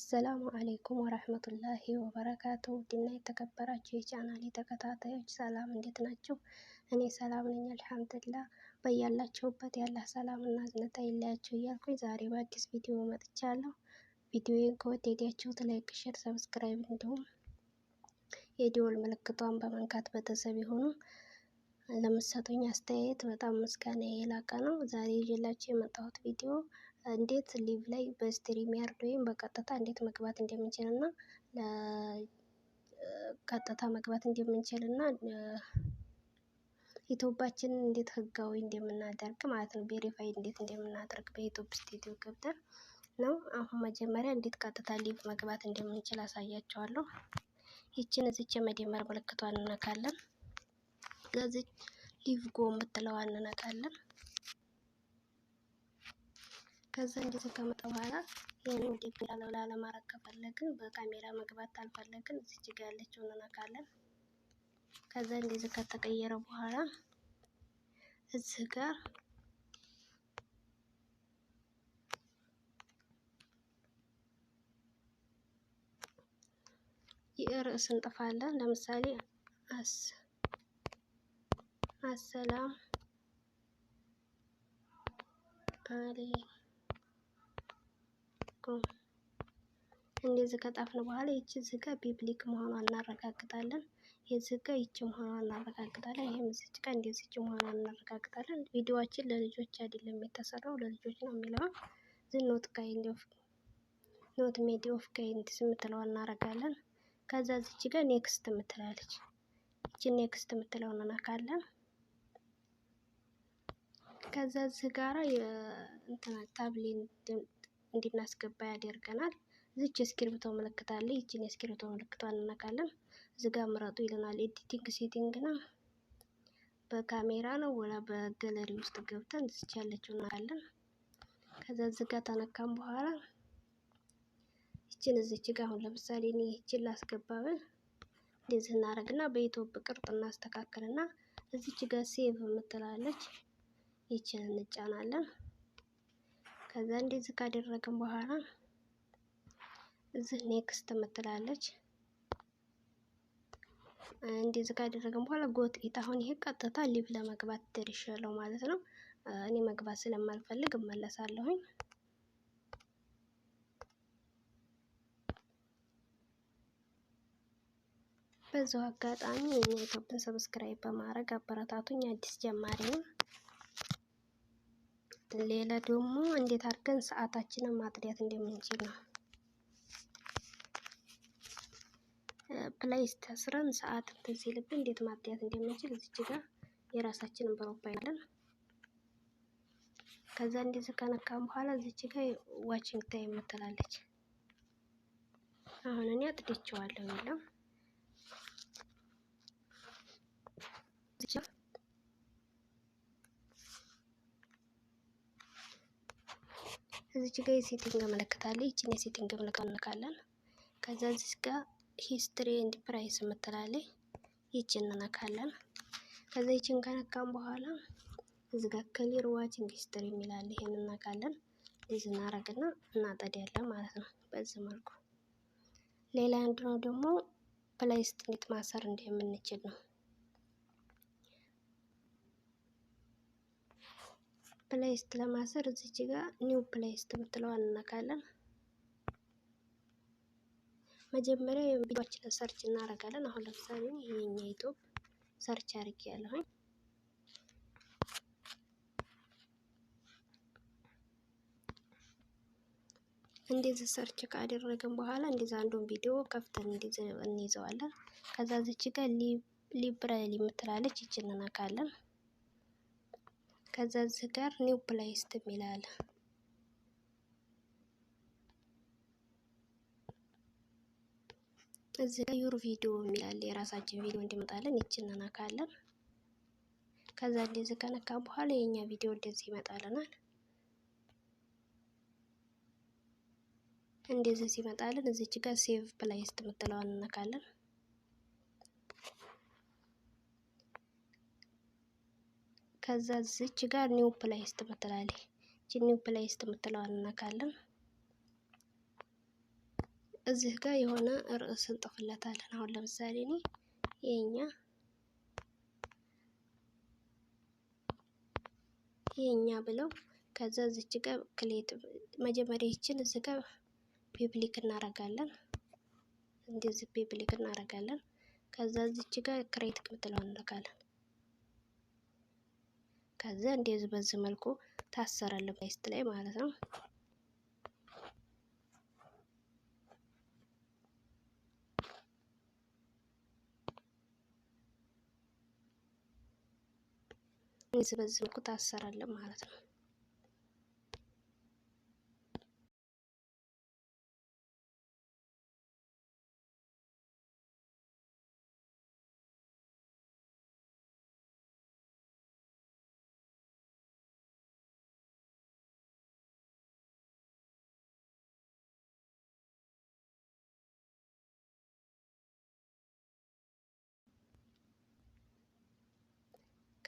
አሰላሙ አሌይኩም ወራህመቱላሂ ወበረካቱ። ውድና የተከበራችሁ የቻናሌ ተከታታዮች ሰላም እንዴት ናችሁ? እኔ ሰላም ነኝ አልሐምዱላ። በያላችሁበት ያለ ሰላም እና ዝነታ አይለያችሁ እያልኩኝ ዛሬ በአዲስ ቪዲዮ መጥቻለሁ። ቪዲዮዬን ከወደዳችሁት ላይክ፣ ሼር፣ ሰብስክራይብ እንዲሁም የደወል ምልክቷን በመንካት ቤተሰብ የሆኑ ለምትሰጡኝ አስተያየት በጣም ምስጋና የላቀ ነው። ዛሬ ይዤላችሁ የመጣሁት ቪዲዮ እንዴት ሊቭ ላይ በስትሪም ያርድ ወይም በቀጥታ እንዴት መግባት እንደምንችል እና ቀጥታ መግባት እንደምንችል እና ዩቱባችንን እንዴት ህጋዊ እንደምናደርግ ማለት ነው። ቬሪፋይ እንዴት እንደምናደርግ በዩቱብ ስቱዲዮ ገብተን ነው። አሁን መጀመሪያ እንዴት ቀጥታ ሊቭ መግባት እንደምንችል አሳያቸዋለሁ። ይችን እዚች የመደመር ምልክቷን እንነካለን። ከዚች ሊቭ ጎ የምትለዋን እንነካለን። ከዛ እንደዚህ ከመጣ በኋላ ይህን እንዴት ሌላ ለውላ ለማድረግ ከፈለግን በካሜራ መግባት ካልፈለግን እዚች ጋ ያለችውን እንነካለን። ከዛ እንደዚህ ከተቀየረ በኋላ እዚህ ጋር የርዕስ እንጥፋለን። ለምሳሌ አስ አሰላም አሌ ነው። እንደዚህ ከጣፍን በኋላ ይቺ ዝጋ ቢብሊክ መሆኗን እናረጋግጣለን። የዝጋ ይቺ መሆኗን እናረጋግጣለን። ይህም ዝጭ ጋ እንደዚች መሆኗን እናረጋግጣለን። ቪዲዮችን ለልጆች አይደለም የተሰራው ለልጆች ነው የሚለውን ዝ ኖት ጋይንድ ኦፍ ኖት ሜድ ኦፍ ጋይንድስ የምትለዋ እናረጋለን። ከዛ ዝች ጋ ኔክስት የምትላለች ይቺ ኔክስት የምትለውን እናካለን። ከዛ ዝጋራ የእንትና ታብሌን እንድናስገባ ያደርገናል። እዚች የእስክሪብቶ ምልክት አለ። ይችን የእስክሪብቶ ምልክቷን እንነካለን። እዚጋ ምረጡ ይለናል። ኤዲቲንግ ሴቲንግ ነው። በካሜራ ነው ወላ በገለሪ ውስጥ ገብተን እዚች ያለችው እናካለን። ከዛ እዚጋ ተነካም በኋላ ይችን እዚች ጋ አሁን ለምሳሌ እኔ ይችን ላስገባብን እንደዚህ እናደርግና በኢትዮፕ ቅርጽ እናስተካክልና እዚች ጋ ሴቭ የምትላለች ይችን እንጫናለን። ከዛ እንደዚህ ካደረግን በኋላ እዚህ ኔክስት ትምትላለች። እንደዚህ ካደረግን በኋላ ጎት ኢት። አሁን ይሄ ቀጥታ ሊቭ ለመግባት ደርሻለሁ ማለት ነው። እኔ መግባት ስለማልፈልግ እመለሳለሁኝ። በዛው አጋጣሚ የዩቲዩብን ሰብስክራይብ በማድረግ አበረታቱኝ። አዲስ ጀማሪ ነው። ሌላ ደግሞ እንዴት አድርገን ሰዓታችንን ማጥሪያት እንደምንችል ነው። ፕላይስ ተስረን ሰዓት እንትን ሲልብን እንዴት ማጥያት እንደምንችል እዚች ጋር የራሳችንን በሮፓ አለን። ከዛ እንደዚህ ከነካን በኋላ እዚች ጋር ዋቺንግ ታይም ትላለች። አሁን እኔ አጥድቼዋለሁ የለም እዚች ጋር የሴቲንግ መለከታለ ይችን የሴቲንግ መለካለን። ከዛ እዚህ ጋር ሂስትሪ ኤንድ ፕራይስ የምትላለች ይችን እንነካለን። ከዛ ይችን ከነካም በኋላ እዚ ጋር ክሊር ዋችንግ ሂስትሪ የሚላለ ይሄን እንነካለን። እዚ እናረግና እናጠዳለን ማለት ነው። በዚህ መልኩ ሌላ አንዱ ነው ደግሞ ፕላይ ውስጥ ማሰር እንደምንችል ነው። ፕሌይስት ለማሰር እዚች ጋ ኒው ፕሌይስት የምትለዋን እንነካለን። መጀመሪያ ቪዲዮችንን ሰርች እናደርጋለን። አሁን ለምሳሌ ይሄኛ ዩቱብ ሰርች አድርጌ ያለሁኝ እንደዚህ ሰርች ካደረግን በኋላ እንደዛ አንዱን ቪዲዮ ከፍተን እንይዘዋለን። ከዛ ዝች ጋር ሊብራሪ የምትላለች ይችን እንነካለን። ከዛ እዚህ ጋር ኒው ፕሌይስት የሚላል እዚህ ጋር ዩር ቪዲዮ የሚላል የራሳችን ቪዲዮ እንዲመጣለን ይችን እናካለን። ከዛ እንደዚህ ከነካ በኋላ የእኛ ቪዲዮ እንደዚህ ይመጣልናል። እንደዚህ ሲመጣልን እዚች ጋር ሴቭ ፕላይስት የምትለዋን እናካለን። ከዛ ዝች ጋር ኒው ፕላይስት ምትላለች። እቺ ኒው ፕላይስት ምትለዋን እናካለን። እዚህ ጋር የሆነ ርዕስ እንጥፍለታለን። አሁን ለምሳሌ እኔ የኛ የኛ ብለው ከዛ ዝች ጋር ክሌት መጀመሪያ ይችን እዚህ ጋር ፒብሊክ እናረጋለን። እንደዚህ ፒብሊክ እናረጋለን። ከዛ ዝች ጋር ክሬት ምትለዋን እናካለን። ከዛ እንደዚህ በዚህ መልኩ ታሰራለ ባይስት ላይ ማለት ነው። እንደዚህ በዚህ መልኩ ታሰራለ ማለት ነው።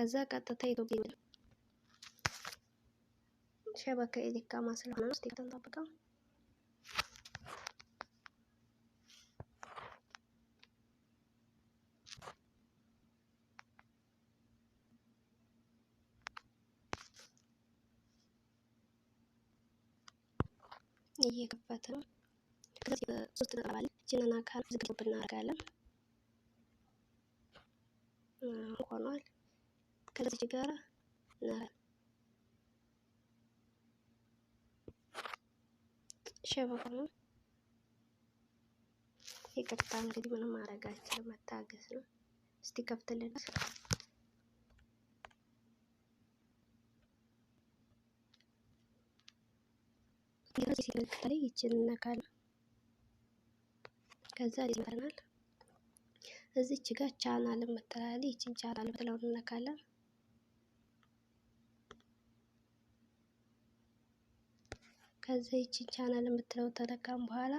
ከዛ ቀጥታ ኢትዮጵያ ይመጣል። ሸበከ የደካማ ስለሆነ ነው። እስቲ ተንጠብቀው እየከፈተ ነው። ከዚህ ሶስት ተጠባባል ጅነና ካል ዝግጅት ብናደርጋለን ሆኗል። ከዚች ጋር እናረን ሸበብ ነው። ይቅርታ እንግዲህ ምንም ማድረግ መታገስ ነው። እስቲ ከፍትልን ሲለከላይ ይችን ነካል ከዛ ይመረናል። እዚች ጋር ቻናል መጠላለይ ይችን ቻናል ብለው እንነካለን። ከዛ ይችን ቻናል የምትለው ተነካም በኋላ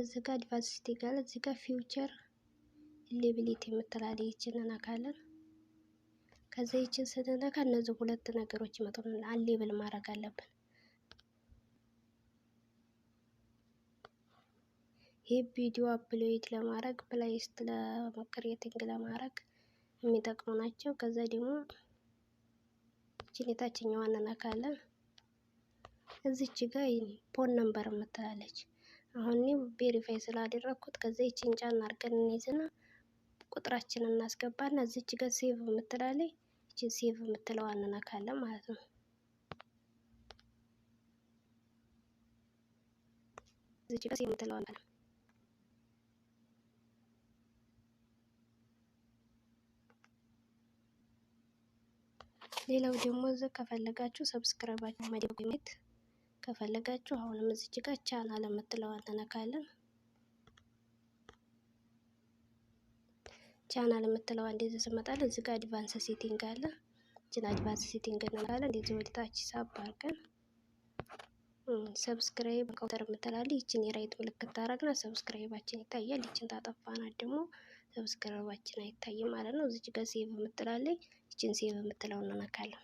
እዚህ ጋር ዲቫንስቲ ጋር እዚህ ጋር ፊውቸር ሌቢሊቲ የምትላለ ይችን እናካለን። ከዛ ይችን ስንነካ እነዚህ ሁለት ነገሮች ይመጡልናል። አሌብል ማድረግ አለብን። ይህ ቪዲዮ አፕሎድ ለማድረግ ፕላይስት ለመቅሬቲንግ ለማድረግ የሚጠቅሙ ናቸው። ከዛ ደግሞ እችን የታችኛዋን እናካለን። እዚች ጋ ፖን ነምበር የምትላለች አሁን እኔ ቬሪፋይ ስላደረግኩት ከዛ ይቺን ጫን አድርገን እንይዝና ቁጥራችንን እናስገባና እዚች ጋር ሴቭ የምትላለች ይቺን ሴቭ የምትለዋን እንነካለን ማለት ነው። እዚች ጋር ሴቭ የምትለዋን ማለት ነው። ሌላው ደግሞ እዚህ ከፈለጋችሁ ሰብስክራይባችሁ ማድረግ ከፈለጋችሁ አሁንም እዚች ጋር ቻናል የምትለዋን ተነካለን። ቻናል የምትለዋ እንደዚህ ስመጣል እዚህ ጋር አድቫንስ ሴቲንግ አለ። እችን አድቫንስ ሴቲንግ እንነካለን። እንደዚህ ወደ ታች ሳብ አድርገን ሰብስክራይብ ካውንተር የምትላለ ይችን የራይት ምልክት ታረግና ሰብስክራይባችን ይታያል። ይችን ታጠፋናት ደግሞ ሰብስክራይባችን አይታይም ማለት ነው። እዚች ጋር ሴቭ የምትላለኝ ይችን ሴቭ የምትለውን እንነካለን።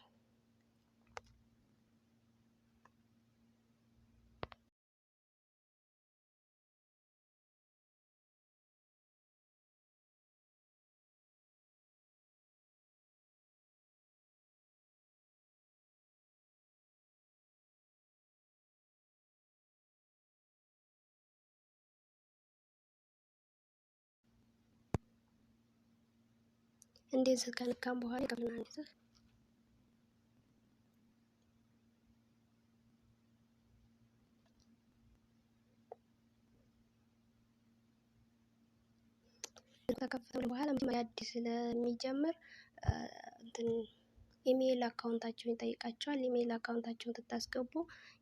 እንደዚህ ከነካም በኋላ ይቀብና እንደዚህ ከከፈትን በኋላ መጀመሪያ አዲስ ስለሚጀምር እንትን ኢሜይል አካውንታቸውን ይጠይቃቸዋል። ኢሜይል አካውንታቸውን ስታስገቡ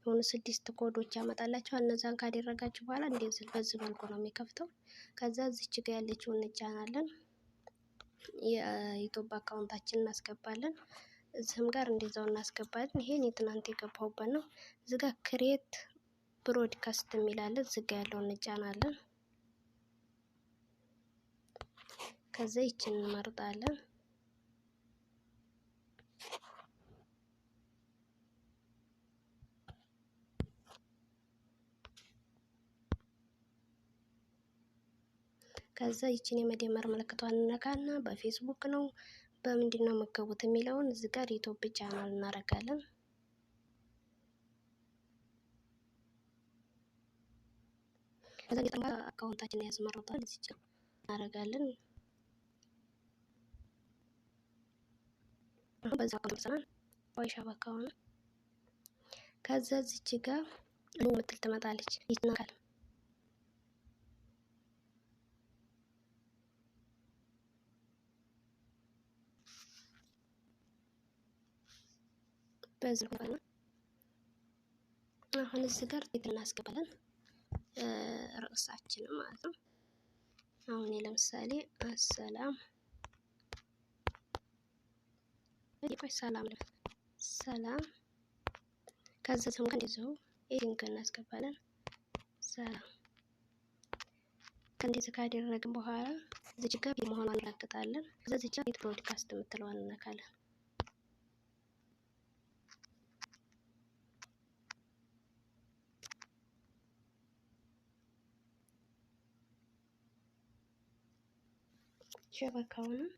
የሆኑ ስድስት ኮዶች ያመጣላቸዋል። እነዛን ካደረጋችሁ በኋላ እንደዚህ በዚህ መልኩ ነው የሚከፍተው። ከዛ እዚች ጋ ያለችውን እንጫናለን። የዩቱብ አካውንታችን እናስገባለን። እዚህም ጋር እንደዛው እናስገባለን። ይሄን የትናንት የገባሁበት ነው። እዚህ ጋር ክሬት ብሮድካስት የሚላለ እዚህ ጋ ያለውን እንጫናለን። ከዛ ይችን እንመርጣለን። ከዛ ይችን የመደመር ምልክቷን እንነካና በፌስቡክ ነው በምንድን ነው መገቡት የሚለውን እዚህ ጋር ዩቲዩብ ቻናል እናደርጋለን። ከዛ ጌጣ አካውንታችን ያስመረጣል እዚህ እናደርጋለን። አሁን በዛ አካውንት ወይሻ በካውን ከዛ እዚች ጋር ምትል ትመጣለች ይትናካል በዚህ ነው። አሁን እዚህ ጋር ቴክ እናስገባለን ርዕሳችንን ማለት ነው። አሁን ለምሳሌ ሰላም ቆይ ሰላም ሰላም ከዛ ስም ጋር እንደዚሁ ኤዲንግ እናስገባለን። ሰላም ከእንደዚህ ካደረግን በኋላ እዚህ መሆኗን እናረጋግጣለን። ከዛ እዚህ ቤት ብሮድካስት የምትለዋን እንነካለን። Türkçe bakalım.